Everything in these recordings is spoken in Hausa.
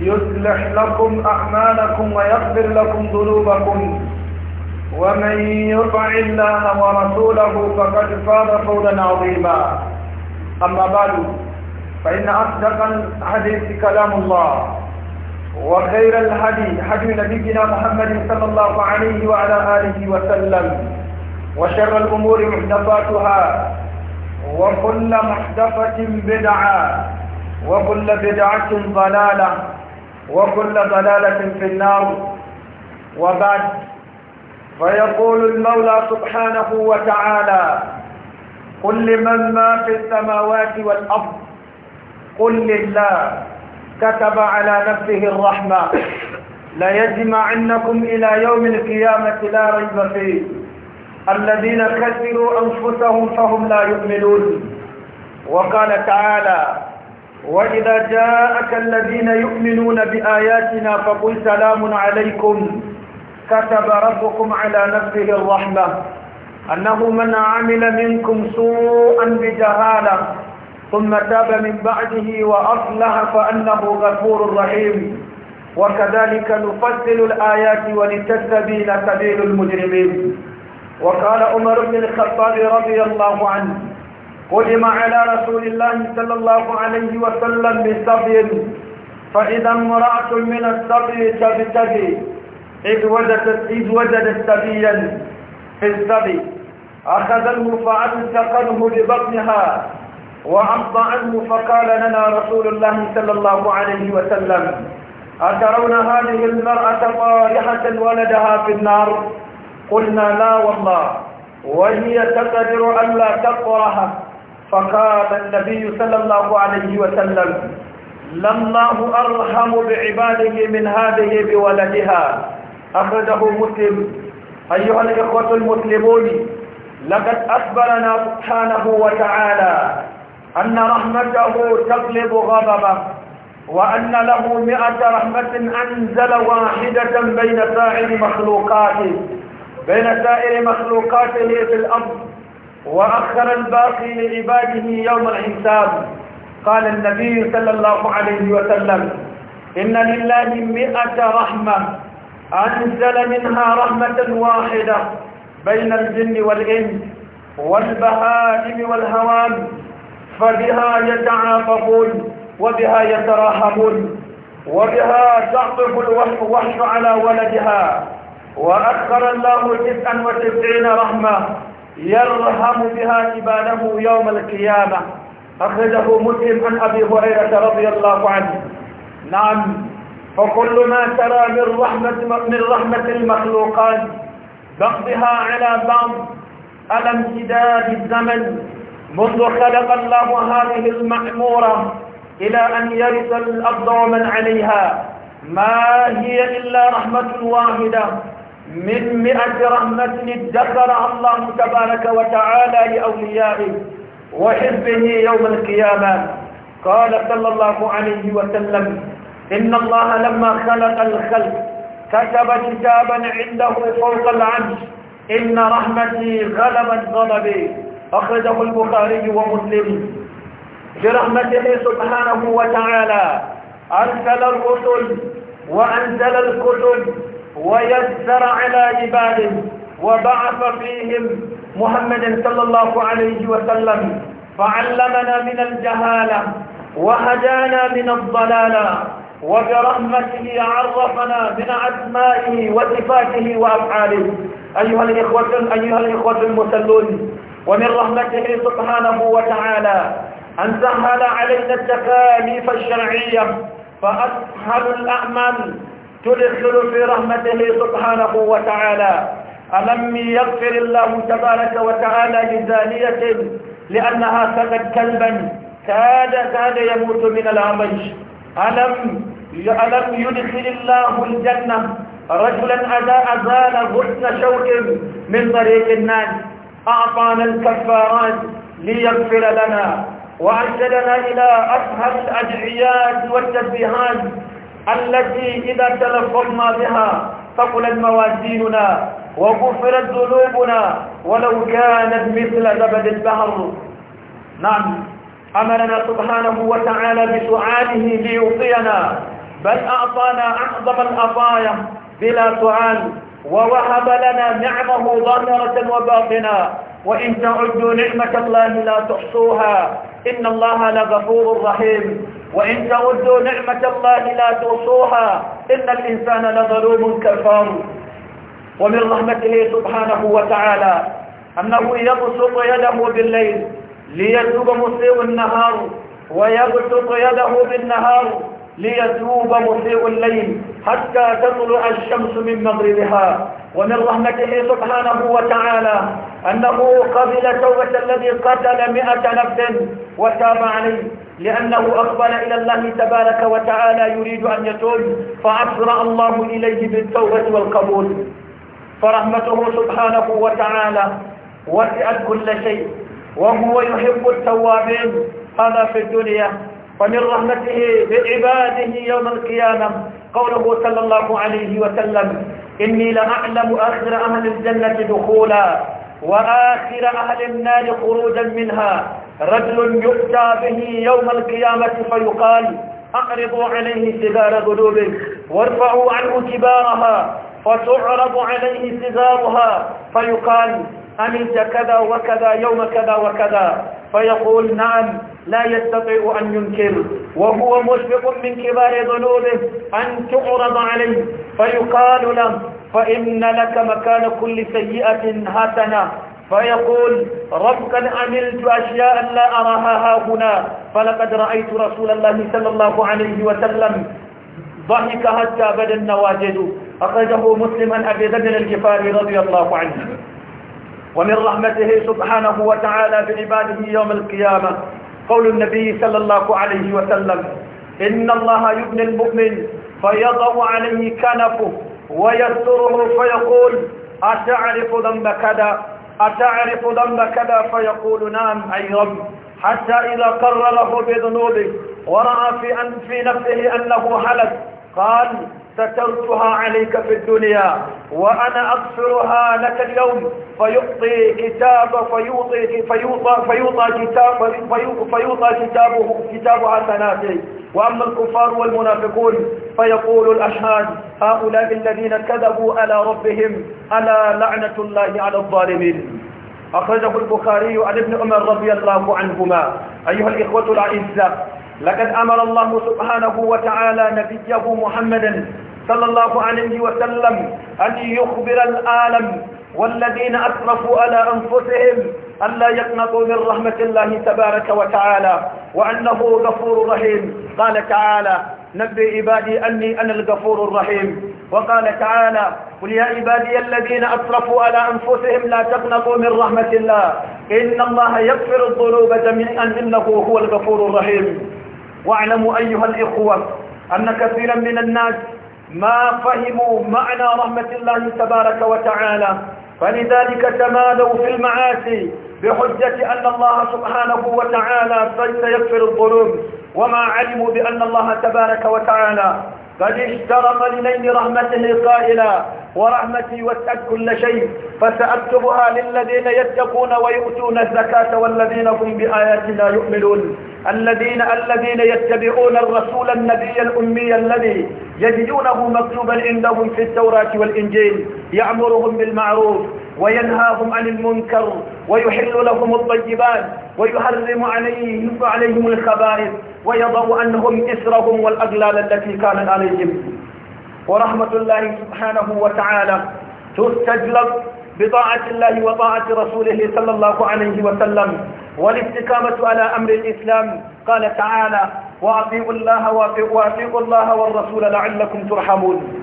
يصلح لكم أعمالكم ويغفر لكم ذنوبكم ومن يطع الله ورسوله فقد فاز فوزا عظيما أما بعد فإن أصدق الحديث كلام الله وخير الهدي هدي نبينا محمد صلى الله عليه وعلى آله وسلم وشر الأمور محدثاتها وكل محدثة بدعة وكل بدعة ضلالة وكل ضلالة في النار وبعد فيقول المولى سبحانه وتعالى قل لمن ما في السماوات والأرض قل لله كتب على نفسه الرحمة ليجمعنكم إلى يوم القيامة لا ريب فيه الذين كسروا أنفسهم فهم لا يؤمنون وقال تعالى وإذا جاءك الذين يؤمنون بآياتنا فقل سلام عليكم كتب ربكم على نفسه الرحمة أنه من عمل منكم سوءا بجهالة ثم تاب من بعده وأصلح فأنه غفور رحيم وكذلك نفصل الآيات ولتستبين سبيل المجرمين وقال عمر بن الخطاب رضي الله عنه قدم على رسول الله صلى الله عليه وسلم بالصبي فإذا امرأة من الصبي تبتدي إذ وجدت, إذ وجدت سبيا في الصبي أخذه فألتقنه ببطنها وعض عنه فقال لنا رسول الله صلى الله عليه وسلم أترون هذه المرأة طارحة ولدها في النار قلنا لا والله وهي تقدر أن لا تقرها فقال النبي صلى الله عليه وسلم لله أرحم بعباده من هذه بولدها أخرجه مسلم أيها الإخوة المسلمون لقد أخبرنا سبحانه وتعالى أن رحمته تقلب غضبه وأن له مئة رحمة أنزل واحدة بين سائر مخلوقاته بين سائر مخلوقاته في الأرض وأخر الباقي لعباده يوم الحساب قال النبي صلى الله عليه وسلم إن لله مئة رحمة أنزل منها رحمة واحدة بين الجن والإنس والبهائم والهوان فبها يتعاطفون وبها يتراحمون وبها تعطف الوحش على ولدها وأكثر الله تسعا وتسعين رحمة يرحم بها عباده يوم القيامة أخرجه مسلم عن أبي هريرة رضي الله عنه نعم فكل ما ترى من رحمة, من رحمة المخلوقات بقضها على بعض على امتداد الزمن منذ خلق الله هذه المعمورة إلى أن يرث الأرض ومن عليها ما هي إلا رحمة واحدة من مئة رحمة ادخرها الله تبارك وتعالى لأوليائه وحزبه يوم القيامة قال صلى الله عليه وسلم إن الله لما خلق الخلق كتب كتابا عنده فوق العرش إن رحمتي غلبت غضبي أخرجه البخاري ومسلم برحمته سبحانه وتعالى أرسل الرسل وأنزل الكتب ويسر على عباده وبعث فيهم محمدا صلى الله عليه وسلم فعلمنا من الجهالة وهدانا من الضلالة وبرحمته عرفنا من أسمائه وصفاته وأفعاله أيها الإخوة أيها الإخوة المسلون ومن رحمته سبحانه وتعالى أن سهل علينا التكاليف الشرعية فأسهل الأعمال تدخل في رحمته سبحانه وتعالى ألم يغفر الله تبارك وتعالى لزانية لأنها سقت كلبا كاد كاد يموت من العطش ألم ألم يدخل الله الجنة رجلا أداء زال غصن شوك من طريق الناس أعطانا الكفارات ليغفر لنا وأرشدنا إلى أفهم الأدعيات والتسبيحات التي إذا تلفظنا بها ثقلت موازيننا وغفرت ذنوبنا ولو كانت مثل زبد البحر نعم أمرنا سبحانه وتعالى بسعاله ليعطينا بل أعطانا أعظم الأطايا بلا سعال ووهب لنا نعمه ظاهرة وباطنة وإن تعدوا نعمة الله لا تحصوها إن الله لغفور رحيم وإن تعدوا نعمة الله لا تحصوها إن الإنسان لظلوم كفار ومن رحمته سبحانه وتعالى أنه يبسط يده بالليل ليتوب مسيء النهار ويبسط يده بالنهار ليتوب مضيء الليل حتى تطلع الشمس من مغربها ومن رحمته سبحانه وتعالى أنه قبل توبة الذي قتل مئة نفس وتاب عليه لأنه أقبل إلى الله تبارك وتعالى يريد أن يتوب فأسرع الله إليه بالتوبة والقبول فرحمته سبحانه وتعالى وسعت كل شيء وهو يحب التوابين هذا في الدنيا ومن رحمته بعباده يوم القيامة قوله صلى الله عليه وسلم إني لأعلم آخر أهل الجنة دخولا وآخر أهل النار خروجا منها رجل يؤتى به يوم القيامة فيقال أعرضوا عليه سبار قلوبك وارفعوا عنه كبارها فتعرض عليه سبارها فيقال أمنت كذا وكذا يوم كذا وكذا فيقول نعم لا يستطيع أن ينكر وهو مشفق من كبار ذنوبه أن تعرض عليه فيقال له فإن لك مكان كل سيئة هاتنا فيقول ربك عملت أشياء لا أراها هنا فلقد رأيت رسول الله صلى الله عليه وسلم ضحك حتى بدا النواجد أخرجه مسلم أبي ذر الجفاري رضي الله عنه ومن رحمته سبحانه وتعالى بعباده يوم القيامة قول النبي صلى الله عليه وسلم إن الله يبني المؤمن فيضع عليه كنفه ويستره فيقول أتعرف ذنب كذا أتعرف ذنب كذا فيقول نعم أي رب حتى إذا قرره بذنوبه ورأى في, أن في نفسه أنه حلف قال سترتها عليك في الدنيا وأنا أغفرها لك اليوم فيعطي كتاب فيوطي فيوطى فيوطى كتاب فيوطى كتابه كتاب حسناته وأما الكفار والمنافقون فيقول الأشهاد هؤلاء الذين كذبوا على ربهم ألا لعنة الله على الظالمين أخرجه البخاري عن ابن عمر رضي الله عنهما أيها الإخوة الأعزاء لقد أمر الله سبحانه وتعالى نبيه محمدا صلى الله عليه وسلم أن يخبر العالم والذين أسرفوا على أنفسهم أن لا يقنطوا من رحمة الله تبارك وتعالى وأنه غفور رحيم قال تعالى نبي عبادي أني أنا الغفور الرحيم وقال تعالى قل يا عبادي الذين أسرفوا على أنفسهم لا تقنطوا من رحمة الله إن الله يغفر الذنوب جميعا إنه هو الغفور الرحيم واعلموا أيها الإخوة أن كثيرا من الناس ما فهموا معنى رحمة الله تبارك وتعالى فلذلك تمادوا في المعاصي بحجة أن الله سبحانه وتعالى سيغفر الظلم وما علموا بأن الله تبارك وتعالى قد اشترط لنيل رحمته قائلا ورحمتي وسعت كل شيء فسأكتبها للذين يتقون ويؤتون الزكاة والذين هم بآياتنا يؤمنون الذين الذين يتبعون الرسول النبي الأمي الذي يجدونه مكتوبا عندهم في التوراة والإنجيل يأمرهم بالمعروف وينهاهم عن المنكر ويحل لهم الطيبات ويحرم عليهم عليهم الخبائث ويضع عنهم إسرهم والأغلال التي كانت عليهم ورحمة الله سبحانه وتعالى تستجلب بطاعة الله وطاعة رسوله صلى الله عليه وسلم والاستقامة على أمر الإسلام قال تعالى وأطيعوا الله وأطيعوا الله والرسول لعلكم ترحمون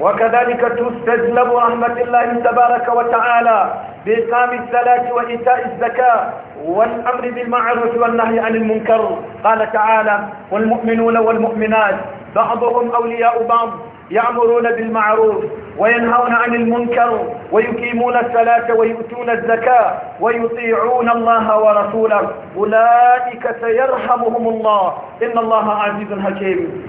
وكذلك تستجلب رحمة الله تبارك وتعالى بإقام الصلاة وإيتاء الزكاة والأمر بالمعروف والنهي عن المنكر قال تعالى والمؤمنون والمؤمنات بعضهم أولياء بعض يأمرون بالمعروف وينهون عن المنكر ويقيمون الصلاة ويؤتون الزكاة ويطيعون الله ورسوله أولئك سيرحمهم الله إن الله عزيز حكيم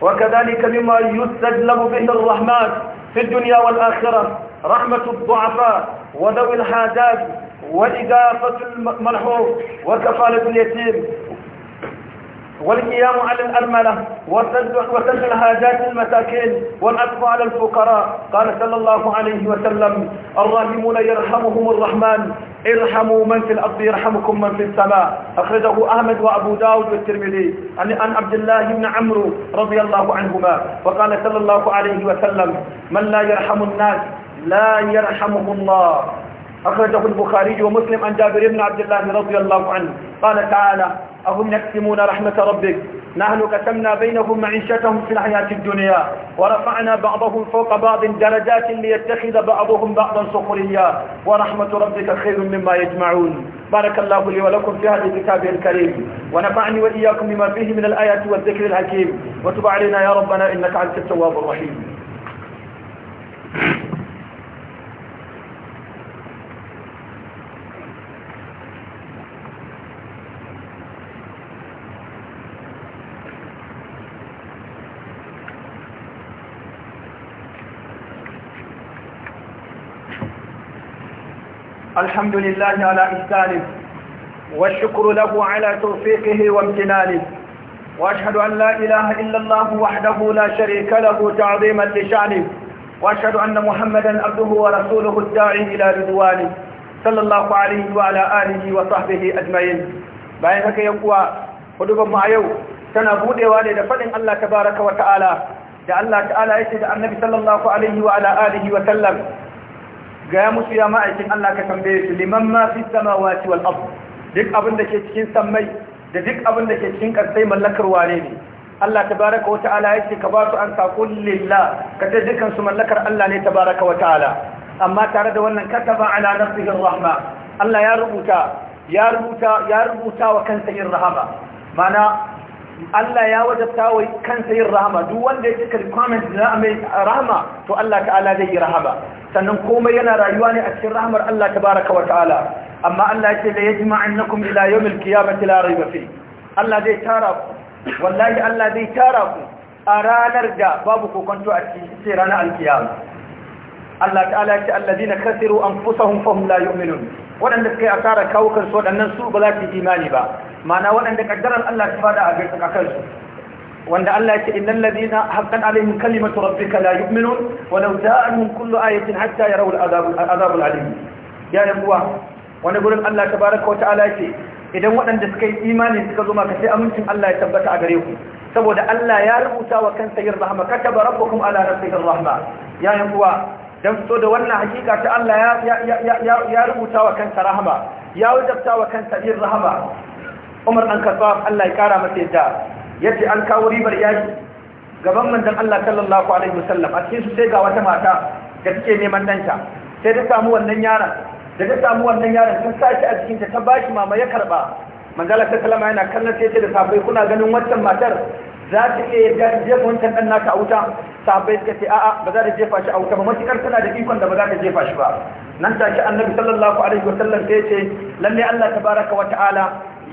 وكذلك مما يستجلب به الرحمن في الدنيا والآخرة رحمة الضعفاء وذوي الحاجات وإدافة المرحوم وكفالة اليتيم والقيام على الأرملة وسد الهاجات المساكين والأطفال على الفقراء قال صلى الله عليه وسلم الراحمون يرحمهم الرحمن ارحموا من في الأرض يرحمكم من في السماء أخرجه أحمد وأبو داود والترمذي عن عن عبد الله بن عمرو رضي الله عنهما وقال صلى الله عليه وسلم من لا يرحم الناس لا يرحمه الله أخرجه البخاري ومسلم عن جابر بن عبد الله رضي الله عنه قال تعالى أهم يكتمون رحمة ربك نحن كتمنا بينهم معيشتهم في الحياة الدنيا ورفعنا بعضهم فوق بعض درجات ليتخذ بعضهم بعضا سخريا ورحمة ربك خير مما يجمعون بارك الله لي ولكم في هذا الكتاب الكريم ونفعني وإياكم بما فيه من الآيات والذكر الحكيم وتب علينا يا ربنا إنك أنت التواب الرحيم الحمد لله على إحسانه والشكر له على توفيقه وامتنانه وأشهد أن لا إله إلا الله وحده لا شريك له تعظيما لشانه وأشهد أن محمدا عبده ورسوله الداعي إلى رضوانه صلى الله عليه وعلى آله وصحبه أجمعين bayan haka yan uwa hudubar mu a yau tana budewa ne da fadin Allah tabaraka wa ta'ala da Allah ta'ala yake da Annabi sallallahu alaihi wa ala alihi wa sallam ya musu ya ma'aikin Allah ka tambaye su liman ma fi samawati wal ard duk abin da ke cikin sammai da duk abin da ke cikin kasai mallakar wane ne Allah tabaraka wa ta'ala yake ka ba su an saqul lillah ka ta dukan su mallakar Allah ne tabaraka wa ta'ala amma tare da wannan kataba ala nafsihi rahma Allah ya rubuta ya rubuta ya rubuta wa kansa irhama mana Allah ya wajabta wa kansa yin rahama duk wanda ya cika requirement na mai rahama to Allah ta'ala zai yi rahama sannan komai yana rayuwa ne a cikin rahamar Allah tabaraka wa ta'ala amma Allah ya ce la yajma'annakum ila yawmil qiyamati la rayba fi Allah zai tara ku wallahi Allah zai tara ku a ranar da babu kokonto a cikin sai ranar alkiyama Allah ta'ala ya ce alladhina khasiru anfusahum fahum la yu'minun wadanda suka yi asara kawukan su wadannan su ba za su imani ba mana waɗanda ƙaddarar Allah ta fada a gaisa kakansu wanda Allah ya ce innal ladina haqqan alaihim kalimatu rabbika la yu'minun walau ja'ahum kullu ayatin hatta yarawul adab al alim ya yan uwa wani gurin Allah tabaaraka wa ta'ala ce idan waɗanda suka yi imani suka zo maka sai amincin Allah ya tabbata a gare ku saboda Allah ya rubuta wa kansa yin rahama kataba rabbukum ala nafsihi rahma ya yan uwa don fito da wannan hakika ta Allah ya rubuta wa kansa rahama ya wajabta wa kansa yin rahama umar dan kasuwa Allah ya kara masa yadda yadda an kawo ribar yaki gaban manzon Allah sallallahu alaihi wasallam a cikin su sai ga wata mata da take neman danta sai ta samu wannan yaron da ta samu wannan yaron ta sashi a cikin ta ta bashi mama ya karba manzala ta salama yana kallon sai ce da sabai kuna ganin wancan matar za ta iya yarda ta jefa wancan dan naka a wuta sabai suka ce a'a ba za ta jefa shi a wuta ba matukar tana da ikon da ba za ta jefa shi ba nan take annabi sallallahu alaihi wasallam sai ce lalle Allah tabaraka wa ta'ala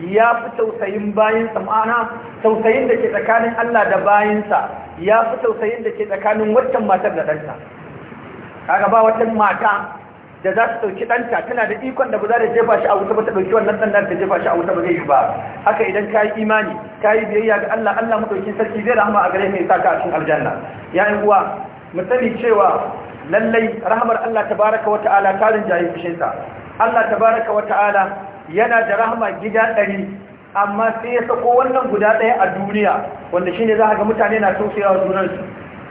ya fi tausayin bayinsa ma'ana tausayin da ke tsakanin Allah da bayansa ya fi tausayin da ke tsakanin wancan matar da ɗanta kaga ba wata mata da za su ɗauki ɗanta tana da ikon da ba za ta jefa shi a wuta ba ta ɗauki wannan ɗan ta jefa shi a wuta ba zai yi ba haka idan ka yi imani ka yi biyayya ga Allah Allah madaukin sarki zai rahama a gare mai ka a cikin aljanna ya yi uwa mu sani cewa lallai rahmar Allah tabaraka wa ta'ala ta rinjaye fushinsa Allah tabaraka wa ta'ala yana da rahama gida ɗari amma sai ya sako wannan guda ɗaya a duniya wanda shi ne za a ga mutane na tausaya wa junansu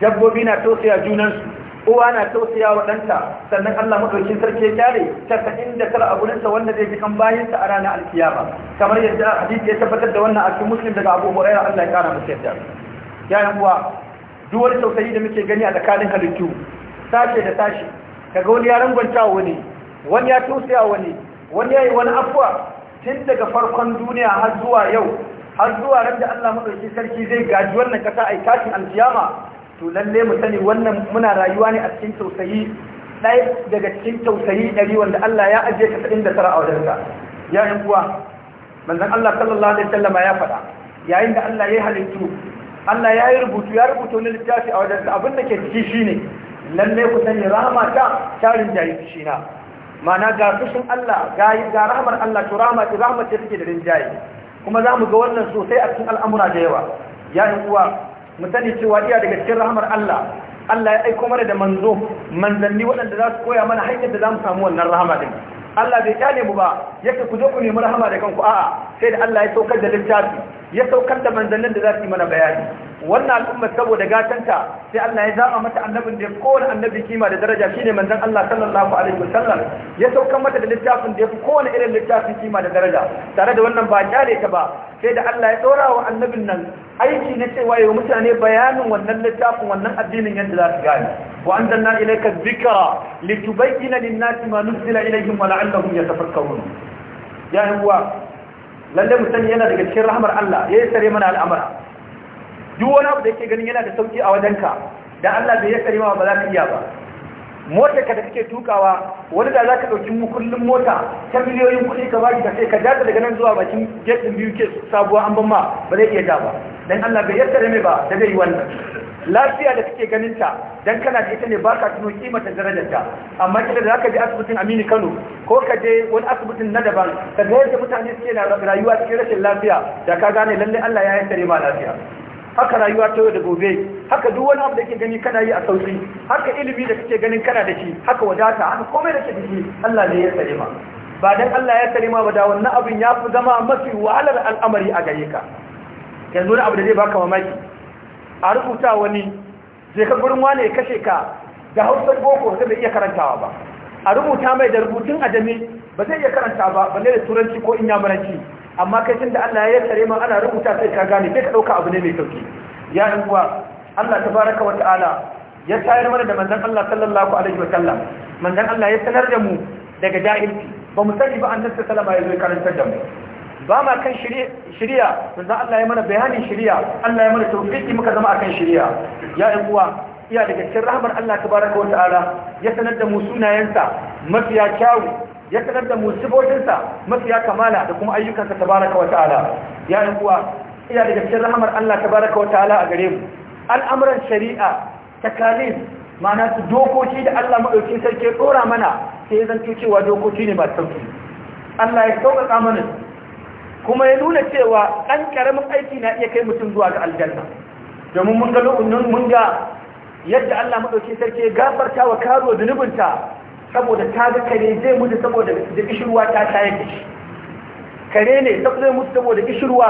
dabbobi na tausaya junansu uwa na tausaya wa ɗanta sannan Allah maɗaukin sarki ya kyale ta da tara a gurinsa wanda zai ji kan bayansa a ranar alkiyama kamar yadda hadisi ya tabbatar da wannan a cikin muslim daga abu hurairah Allah ya kara masa yadda yayin uwa duk wani tausayi da muke gani a tsakanin halittu sashe da sashe kaga wani ya rangwanta wani wani ya tausaya wani wani yayi wani afuwa tun daga farkon duniya har zuwa yau har zuwa ran da Allah madauki sarki zai gaji wannan kasa ai kafin alkiyama to lalle mu sani wannan muna rayuwa ne a cikin tausayi ɗaya daga cikin tausayi ɗari wanda Allah ya ajiye ka sa'in tara a ya yi kuwa manzon Allah sallallahu alaihi wasallam ya faɗa yayin da Allah ya yi halittu Allah ya yi rubutu ya rubuta wani littafi a wajensa abin da ke ciki shine lalle ku sani rahama ta tarin jayi na ma'ana ga fushin Allah ga ga rahmar Allah to rahma ce rahma ce take da rinjaye kuma zamu ga wannan sosai a cikin al'amura da yawa ya yi uwa mu sani cewa iya daga cikin rahmar Allah Allah ya aiko mana da manzo manzanni waɗanda za su koya mana hanyar da zamu mu samu wannan rahama din Allah bai kyale mu ba yake ku zo ku nemi rahama da kanku a'a sai da Allah ya saukar da littafi ya saukar da manzannin da za su yi mana bayani wannan al'umma saboda gatanta sai Allah ya zama mata annabin da kowane annabi kima da daraja shine manzan Allah sallallahu alaihi sallam ya sauka mata da littafin da ya fi kowane irin littafin kima da daraja tare da wannan ba kyale ta ba sai da Allah ya dora wa annabin nan aiki na cewa yau mutane bayanin wannan littafin wannan addinin yadda za su gane wa anzalna ilayka dhikra litubayyana lin-nasi ma nuzila ilayhim wa la'allahum yatafakkarun ya uwa lalle mutane yana daga cikin rahmar Allah yi sare mana al'amara duk wani abu da yake ganin yana da sauki a wajenka da Allah bai yasari ma ba za ka iya ba motar ka da kake tukawa wani da za ka ɗauki mukullin mota ta miliyoyin kuɗi ka baki ka sai ka jata daga nan zuwa bakin getin biyu ke sabuwa an ban ma ba zai iya ja ba dan Allah bai yasari mai ba da zai wannan lafiya da kake ganin ta dan kana da ita ne ba ka tuno kima ta darajar ta amma kida da ka je asibitin Aminu Kano ko ka je wani asibitin na daban ka ga yadda mutane suke na rayuwa cikin rashin lafiya da ka gane lalle Allah ya yasare ma lafiya haka rayuwa ta yau da gobe haka duk wani abu da ke gani kana yi a sauki haka ilimi da kake ganin kana da shi haka wadata haka komai da ke da shi Allah ne ya tsare ma ba dan Allah ya tsare ma ba da wannan abin ya fi zama mafi wahalar al'amari a gare ka yanzu wani abu da zai baka mamaki a rubuta wani zai ka gurin wane ya kashe ka da hausar boko sai bai iya karantawa ba a rubuta mai da rubutun ajami ba zai iya karanta ba balle da turanci ko inyamuranci amma kai tun da Allah ya tsare ma ana rubuta sai ka gane sai ka dauka abu ne mai sauki ya yi uwa Allah baraka wa ta'ala ya tayar mana da manzan Allah sallallahu alaihi wa sallam manzan Allah ya sanar da mu daga jahilci ba mu sani ba an sallallahu salama wa sallam karantar da mu ba ma kan shirya manzan Allah ya mana bayanin shirya Allah ya mana tawfiki muka zama akan shirya ya yi uwa iya daga cikin rahmar Allah ta baraka wa ta'ala ya sanar da mu sunayensa mafiya kyawu ya sanar da mu sifofinsa mafiya kamala da kuma ayyukansa tabaraka wa ta'ala ya yi kuwa ina daga cikin rahamar Allah tabaraka wa ta'ala a gare mu al'amuran shari'a takalif ma'ana su dokoki da Allah madaukin sarki ya tsora mana sai ya zanto cewa dokoki ne masu sauki Allah ya sauƙaƙa mana kuma ya nuna cewa ɗan ƙaramin aiki na iya kai mutum zuwa ga aljanna domin mun ga mun ga yadda Allah maɗaukin sarki ya gafarta wa karo zunubinta saboda ta ga kare zai mutu saboda da kishirwa ta shayar da shi kare ne zai mutu saboda kishirwa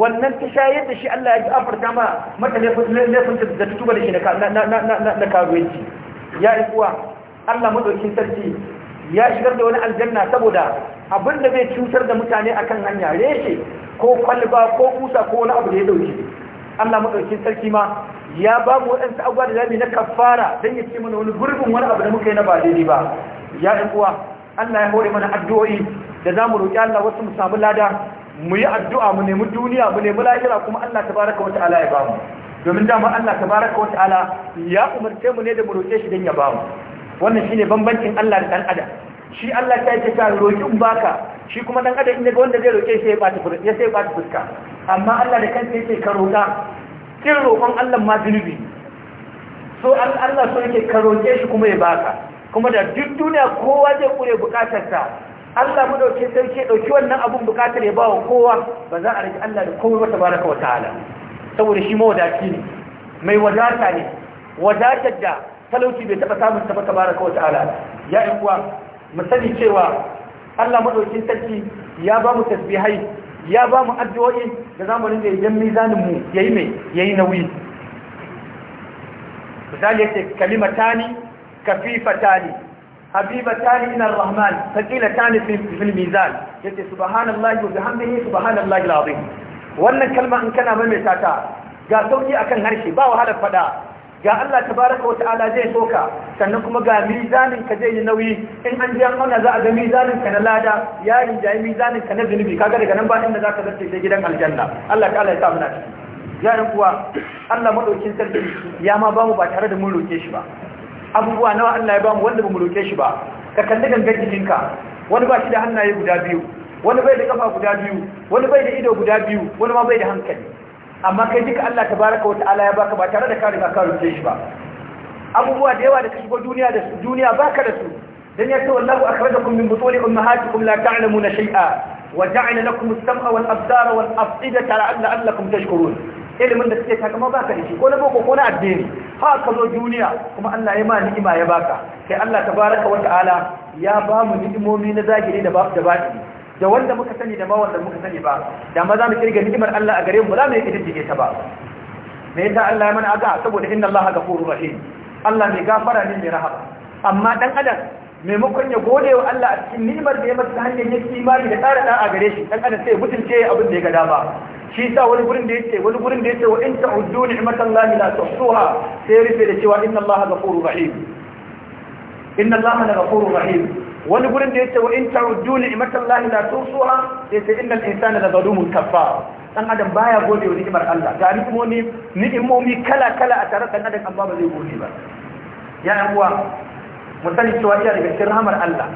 wannan ta shayar da shi Allah ya ji afarta ma mata laifin da tutuba da shi na karuwanci ya yi kuwa Allah madaukin sarki ya shigar da wani aljanna saboda abin da zai cutar da mutane akan hanya reshe ko kwalba ko kusa ko wani abu da ya dauke Allah madaukakin sarki ma ya ba mu waɗansu abubuwa da zamu na kafara dan ya ce mana wani gurbin wani abu da muka yi na ba daidai ba ya ɗan uwa Allah ya hore mana addu'o'i da zamu roƙi Allah wasu mu samu lada mu yi addu'a mu nemi duniya mu nemi lahira kuma Allah baraka wa ta'ala ya ba mu domin dama Allah baraka wa ta'ala ya umarce mu ne da mu roke shi dan ya ba mu wannan shine bambancin Allah da dan adam shi Allah ta yake ta roƙi in baka shi kuma dan adam inda wanda zai roƙe shi ya bata furu ya sai bata fuska amma Allah da kansa yake karo roƙa kin roƙon Allah ma zunubi so Allah so yake karo roƙe shi kuma ya baka kuma da duk duniya kowa zai kure ta, Allah mu dauke sarki dauki wannan abun bukatar ya bawa kowa ba za a rike Allah da komai ta baraka wa ta'ala saboda shi mawadaci ne mai wadata ne wadatar da talauci bai taba samun ta ba tabaraka wa ta'ala ya ikuwa mu sani cewa Allah madaukin sarki ya ba mu tasbihai ya ba mu addu'o'i da zamanin da idan mizanin mu yayi mai yayi nauyi misali yace kalimatani kafifatani habibatani ila rahman thaqilatani fil mizan yace subhanallahi wa bihamdihi subhanallahi alazim wannan kalma in kana mai tata ga sauki akan harshe ba wahalar fada ga Allah tabaraka wa ta'ala zai soka sannan kuma ga mizanin ka zai yi nauyi in an ji an za a ga mizanin ka na lada ya rinjayi mizanin ka na zunubi kaga daga nan ba inda zaka zarce sai gidan aljanna Allah ta'ala ya sa muna ciki ya kuwa Allah madaukin sarki ya ma bamu ba tare da mun roke shi ba abubuwa nawa Allah ya bamu wanda mu roke shi ba ka kalli gangan jikinka wani ba shi da hannaye guda biyu wani bai da kafa guda biyu wani bai da ido guda biyu wani ma bai da hankali amma kai duka Allah tabaraka ala ya baka ba tare da ka riga ka shi ba abubuwa da yawa da ka shigo duniya da su duniya baka da su dan yace wallahu akhrajakum min butuni ummahatikum la ta'lamuna shay'a wa ja'ala lakum as-sam'a wal absara wal af'idata la'allakum tashkurun ilimin da suke takama baka da shi ko na boko ko na addini ha ka zo duniya kuma Allah ya ma ni'ima ya baka kai Allah tabaraka wata'ala ya ba mu ni'imomi na zahiri da ba da batini da wanda muka sani da ma wanda muka sani ba da ma za mu kirga ni'imar Allah a gare mu za mu yi kididdige ta ba me yasa Allah ya mana aga saboda inna Allah ghafurur rahim Allah mai gafara ne mai rahama amma dan adam maimakon ya gode wa Allah a cikin ni'imar da ya masa hanyar yake imani da tsara da a gare shi dan adam sai mutunce abin da ya ga dama shi yasa wani gurin da yake wani gurin da yake wa in ta'uddu ni'matallahi la tuhsuha sai rufe da cewa inna Allah ghafurur rahim inna Allah ghafurur rahim wani gurin da yace wa in ta'uddu ni'matallahi la tusuha yace innal insana la zalumun kaffar dan adam baya gode wa ni'imar Allah ga ni'imomi ni'imomi kala kala a tare dan adam amma ba zai gode ba ya yan uwa mu sani cewa iya daga cikin rahmar Allah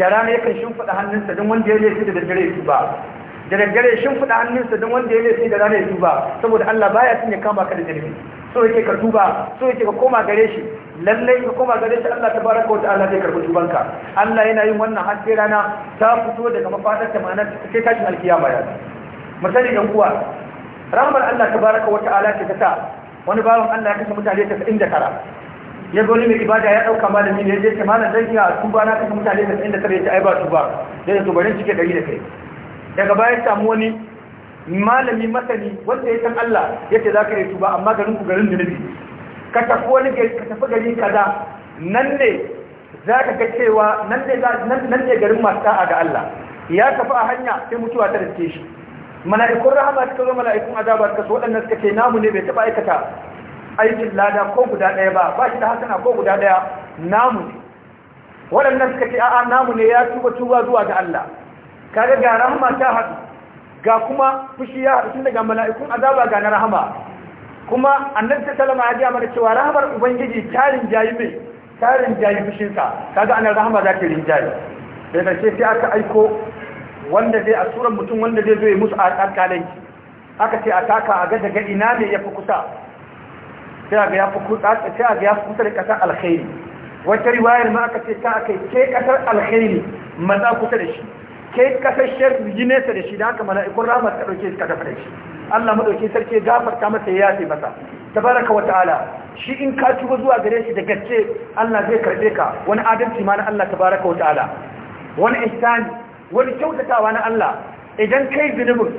da rana shin shimfida hannunsa don wanda ya laifi da dare su ba da dare shin shimfida hannunsa don wanda ya laifi da dare su ba saboda Allah baya son kama ka da dare so yake ka tuba so yake ka koma gare shi lallai ka koma gare shi Allah tabaraka wa ta'ala zai karbi tubanka Allah yana yin wannan har sai rana ta fito daga mafadar ta ma'ana sai tashin alkiyama ya misali dan uwa rahmar Allah tabaraka wa ta'ala ke ta sa wani bawan Allah ya kashe mutane 99 ya goni mai ibada ya dauka malami ne ya je ce malam zan iya tuba na kashe mutane 99 ya ce ai ba tuba dai tubarin cike 100 da kai daga baya samu wani malami masani wanda ya san Allah yace za ka yi tuba amma garin ku garin da nabi ka tafi wani ka tafi gari kaza nan ne za ka ga cewa nan ne nan ne garin masu ta'a ga Allah ya tafi a hanya sai mutuwa ta rike shi mala'ikun rahama suka zo mala'ikun azaba suka so waɗannan suka ce namu ne bai taɓa aikata aikin lada ko guda ɗaya ba ba shi da hasana ko guda ɗaya namu ne waɗannan suka ce a'a namu ne ya tuba tuba zuwa ga Allah kaga ga rahama ta haɗu ga kuma fushi ya haɗu tun daga mala'ikun azaba ga na rahama kuma annabi sallallahu alaihi wasallam ya cewa rahamar ubangiji tarin jayi mai tarin jayi fushinsa kaga anan rahama za ta rinjaye sai da sai aka aiko wanda zai a tsoron mutum wanda zai zo ya musu a alƙalanci aka ce a taka a ga daga ina ne ya fi kusa sai ga ya fi kusa da ƙasar alkhairi wata riwayar ma aka ce ta aka ce ƙasar alkhairi maza kusa da shi kai kasashen rigi nesa da shi da haka mala'ikun rahama suka ɗauke ka tafi da shi Allah madauki sarki gafarta masa ya yafe masa tabaraka wa ta'ala shi in ka tuba zuwa gare shi da gaske Allah zai karbe ka wani adalci ma na Allah tabaraka wa ta'ala wani ihsani wani kyautatawa na Allah idan kai zunubin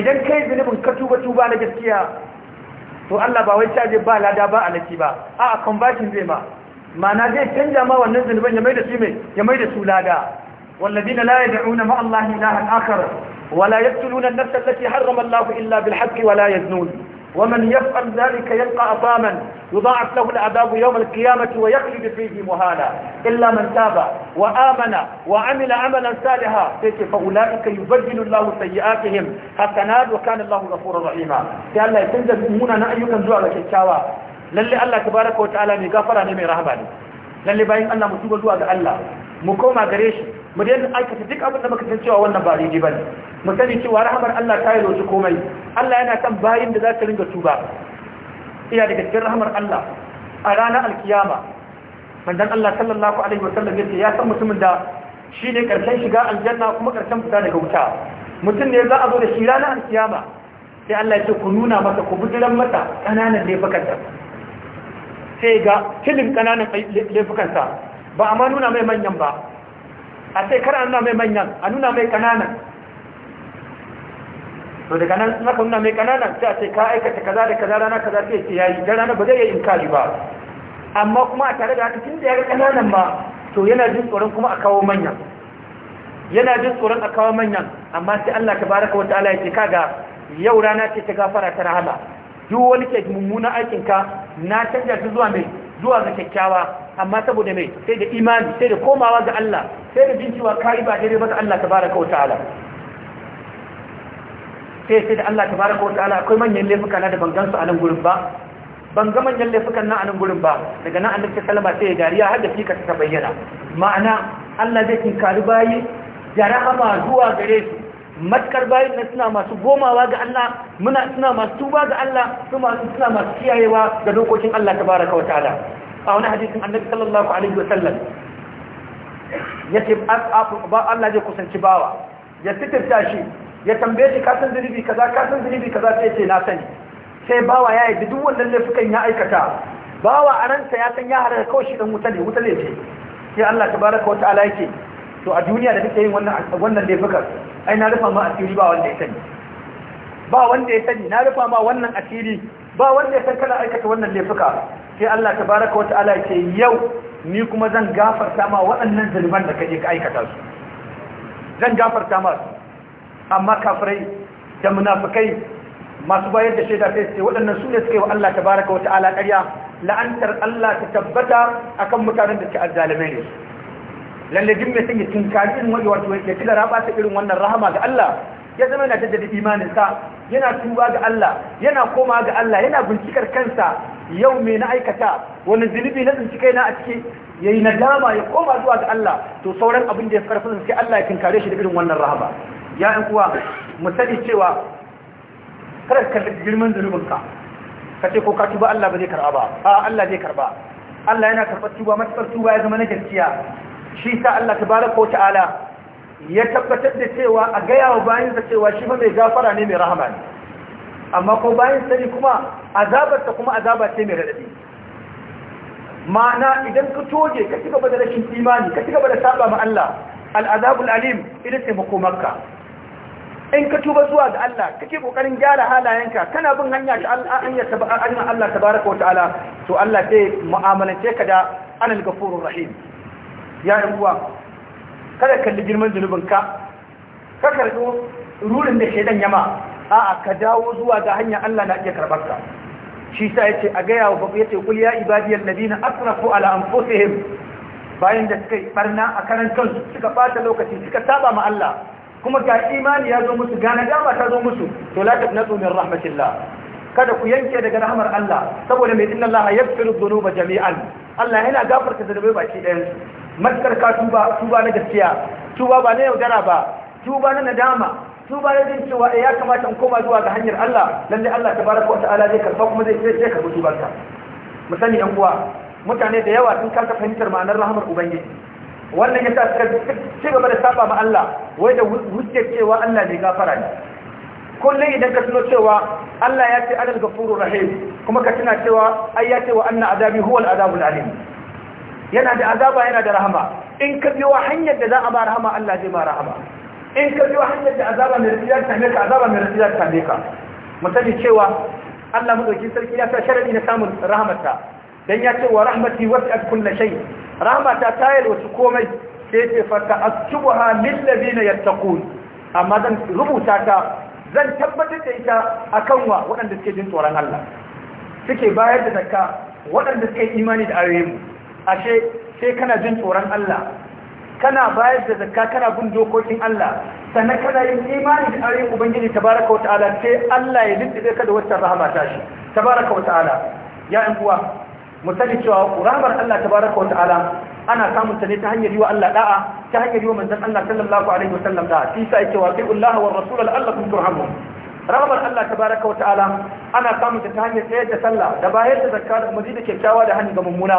idan kai zunubin ka tuba tuba na gaskiya to Allah ba wai caje ba lada ba a laki ba a'a conversion zai ma mana zai canja ma wannan zunuban ya mai da su mai ya mai da su lada والذين لا يدعون مع الله إلها آخر ولا يقتلون النفس التي حرم الله إلا بالحق ولا يزنون ومن يفعل ذلك يلقى أطاما يضاعف له العذاب يوم القيامة ويخلد فيه مهانا إلا من تاب وآمن وعمل عملا صالحا فأولئك يبدل الله سيئاتهم حسنات وكان الله غفورا رحيما قال لا تنزل منا نأيك نزوع لك الشاوى للي الله تبارك وتعالى مغفرا نمي رحمة للي باين الله مصيبة زوع الله مكوما قريش mu daina aikata duk abin da muka san cewa wannan ba daidai bane mu sani cewa rahamar Allah ta yi roji komai Allah yana kan bayin da za ta ringa tuba iya daga cikin rahamar Allah a ranar alkiyama manzon Allah sallallahu alaihi wasallam yace ya san mutumin da shine karshen shiga aljanna kuma karshen fita daga wuta mutum ne za a zo da shi ranar alkiyama sai Allah ya ce ku nuna masa ku bujiran masa kananan laifukansa sai ga kilin kananan laifukansa ba a ma nuna mai manyan ba a sai kar a nuna mai manyan a nuna mai kananan to daga nan naka nuna mai kananan sai a ce ka aikata kaza da kaza rana kaza sai ce yayi da rana ba zai yi inkari ba amma kuma a tare da haka tun da ya ga kananan ba to yana jin tsoron kuma a kawo manyan yana jin tsoron a kawo manyan amma sai Allah tabaraka ala ya ce kaga yau rana ce ta gafara ta rahama duk wani ke mummuna aikin ka na canja zuwa mai zuwa ga kyakkyawa amma saboda mai sai da imani sai da komawa ga Allah sai da jin cewa kai ba daidai ba ga Allah tabaraka wa ta'ala sai sai da Allah tabaraka wa ta'ala akwai manyan laifuka na da ban gansu a nan gurin ba ban ga manyan laifukan nan a nan gurin ba daga nan annabi sallama sai ya dariya har da fika ta bayyana ma'ana Allah zai tinkari bayi da ma zuwa gare su matkar bayin na suna masu gomawa ga Allah muna suna masu tuba ga Allah suna masu kiyayewa ga dokokin Allah tabaraka wa ta'ala a wani an annabi sallallahu alaihi wasallam ya ce ba Allah zai kusanci bawa ya titirta shi ya tambaye shi kasan zunubi kaza kasan zunubi kaza sai ce na sani sai bawa ya yi duk wannan laifukan ya aikata bawa a ranta ya san ya harar kawai shi dan wuta ne wuta ne ce sai Allah ta baraka wata ala yake to a duniya da kake yin wannan wannan laifukan ai na rufa ma asiri ba wanda ya sani ba wanda ya sani na rufa ma wannan asiri ba wanda ya san kana aikata wannan laifuka sai Allah ta baraka wata ya ce yau ni kuma zan gafarta ma waɗannan zulman da kaje ka aikata su zan gafarta ma su amma kafirai da munafukai masu bayar da shaida sai ce waɗannan su ne suka yi wa Allah tabaraka ala ƙarya la'antar Allah ta tabbata akan mutanen da ke azzalume ne lalle sanya tinkari in wani wato ya kila raba ta irin wannan rahama ga Allah ya zama yana imanin imaninsa yana tuba ga Allah yana koma ga Allah yana bincikar kansa yau me na aikata wani zunubi na tsinci na a ciki yayi nadama ya koma zuwa ga Allah to sauran abin da ya karfa sai Allah ya tinkare shi da irin wannan rahaba ya ɗan kuwa, mu sani cewa kada ka kalli girman zunubinka ka ce ko ka tuba Allah ba zai karba ba a Allah zai karba Allah yana karɓar tuba matuƙar tuba ya zama na gaskiya shi sa Allah tabaraka wa ta'ala ya tabbatar da cewa a gaya wa bayansa cewa shi mai gafara ne mai rahama ne amma ko bayan sani kuma azabarta kuma azaba ce mai raɗaɗi ma'ana idan ka toje ka ci gaba da rashin imani ka ci gaba da saba ma Allah al'azabul alim idan sai makomarka in ka tuba zuwa ga Allah kake kokarin gyara halayenka kana bin hanya ta hanya Allah tabaraka wa ta'ala to Allah sai mu'amalance ka da anal ghafurur rahim ya uwa kada kalli girman zunubin ka ka karɓi rurin da shaidan yama a'a ka dawo zuwa ga hanyar Allah na iya karɓar ka shi sa ce a gaya wa babu ce kul ya ibadiyal ko asrafu ala anfusihim bayan da suka yi barna a karan kansu suka fata lokaci suka saba ma Allah kuma ga imani ya zo musu gane dama ta zo musu to la na min rahmatillah kada ku yanke daga rahmar Allah saboda mai inna Allah yaghfiru dhunuba jami'an Allah yana gafarta zunubai baki ɗayan su matukar ka tuba tuba na gaskiya tuba ba na yaudara ba tuba na nadama tuba na jin cewa eh, ya kamata in koma zuwa ga hanyar Allah lalle Allah baraka wa ta'ala zai karba kuma zai sai karbi tubarka mu sani yan uwa mutane da yawa sun kasa fahimtar ma'anar rahmar ubangiji wannan yasa suka ci gaba da saba ma Allah wai da wuce cewa Allah ne gafara ne kullum idan ka tuno cewa Allah ya ce adal gafuru rahim kuma ka tuna cewa ai ce wa anna azabi huwal al azabul alim yana da azaba yana da rahama in ka biyo hanyar da za a ba rahama Allah zai ma rahama in ka biyo hanyar da azaba mai rufi same ka azaba mai rufi same ka mu sani cewa Allah madauki sarki ya sa sharadi na samun rahamarsa dan ya ce wa rahmati wasi'at kulli shay rahmata ta yalwaci komai sai ce fa ta'tubuha lil ladina yattaqun amma zan rubuta ta zan tabbatar da ita akan wa waɗanda suke jin tsoron Allah suke bayar da zakka waɗanda suke imani da ayoyin mu ashe sai kana jin tsoron Allah kana bayar da zakka kana bin dokokin Allah sannan kana yin imani da ayyukan ubangiji tabaraka wa ta'ala sai Allah ya dindige ka da wata rahama ta shi tabaraka wa ta'ala ya in uwa mu cewa rahamar Allah tabaraka wa ta'ala ana samun ta ne ta hanyar yi wa Allah da'a ta hanyar yi wa manzon Allah sallallahu alaihi wa sallam da'a shi sai cewa sai Allah wa rasul Allah kun turhamu rahamar Allah tabaraka wa ta'ala ana samun ta ta hanyar tsayar da sallah da bayar da zakka da mazida kyakkyawa da hannu ga mummuna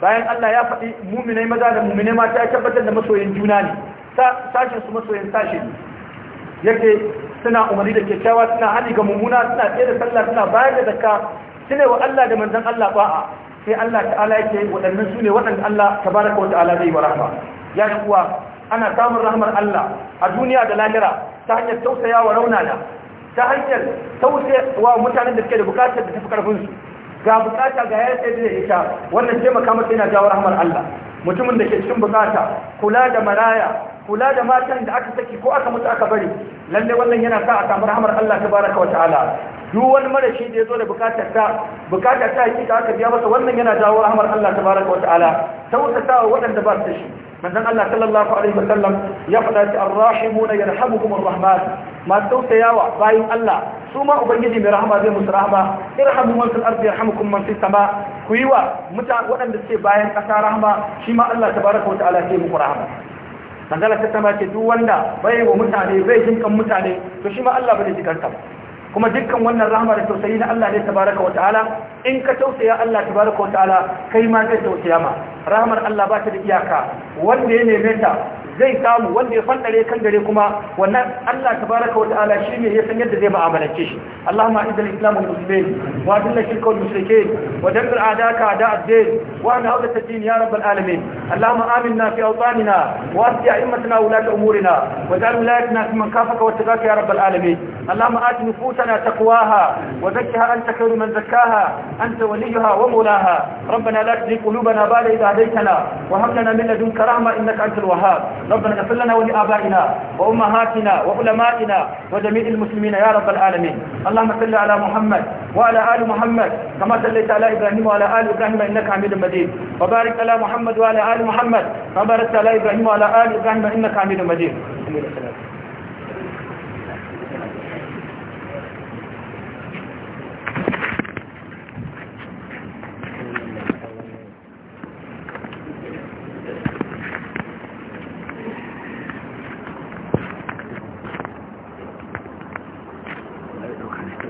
bayan Allah ya faɗi muminai maza da muminai mata ya tabbatar da masoyin juna ne sashen su masoyin sashen, ne yake suna umarni da kyakkyawa suna hani ga mummuna suna tsaye da sallah suna bayar da zakka sune wa Allah da manzon Allah a sai Allah ta'ala yake waɗannan sune waɗanda Allah tabaraka wa ta'ala zai rahma ya shi kuwa ana samun rahmar Allah a duniya da lahira ta hanyar tausaya tausayawa raunana ta hanyar tausayawa mutanen da suke da bukatar da tafi karfin su ga bukata ga ya tsaye da ita wannan taimaka masa yana jawo rahmar Allah mutumin da ke cikin bukata kula da maraya kula da matan da aka saki ko aka mutu aka bari lalle wannan yana sa a samu rahmar Allah tabaraka wa ta'ala duk wani marashi da yazo da bukatar ta bukatar ta hakika aka biya masa wannan yana jawo rahmar Allah tabaraka wa ta'ala tausatawa waɗanda ba su da shi manzon Allah sallallahu alaihi wasallam ya faɗa ta arrahimuna yarhamukumur rahman masu tausayawa bayan Allah su ma ubangiji mai rahama zai musu rahama irhamu man fil ardi yarhamukum man fis sama ku yi wa waɗanda suke bayan ƙasa rahama shi ma Allah tabaraka wa ta'ala zai muku rahama sandala ta sama ce duk wanda bai wa mutane bai jinkan mutane to shi ma Allah bai jikarta kuma dukkan wannan rahama da tausayi na Allah ne tabaraka wa ta'ala in ka tausaya Allah tabaraka wa ta'ala kai ma zai tausaya ma rahmar Allah ba ta da iyaka wanda ya neme ta zai samu wanda ya fandare kan gare kuma wannan Allah tabaraka wa ta'ala shi ne ya san yadda zai mu'amalance shi Allahumma izz a islam wal muslimin wa adilla shirka wal mushrikeen wa dabbir a'daka a ad-din wa ana hawla ad-din ya rabbal alamin Allahumma aminna fi awtanina wa asli a'immatana wa ulata umurina wa ja'al wilayatina fi man kafaka wa tagaka ya rabbal alamin اللهم آت نفوسنا تقواها وزكها أنت خير من زكاها أنت وليها ومولاها ربنا لا تزغ قلوبنا بعد إذ هديتنا وهب لنا من لدنك رحمة إنك أنت الوهاب ربنا اغفر لنا ولآبائنا وأمهاتنا وعلمائنا وجميع المسلمين يا رب العالمين اللهم صل على محمد وعلى آل محمد كما صليت على إبراهيم وعلى آل إبراهيم إنك حميد مجيد وبارك على محمد وعلى آل محمد كما باركت على إبراهيم وعلى آل إبراهيم إنك حميد مجيد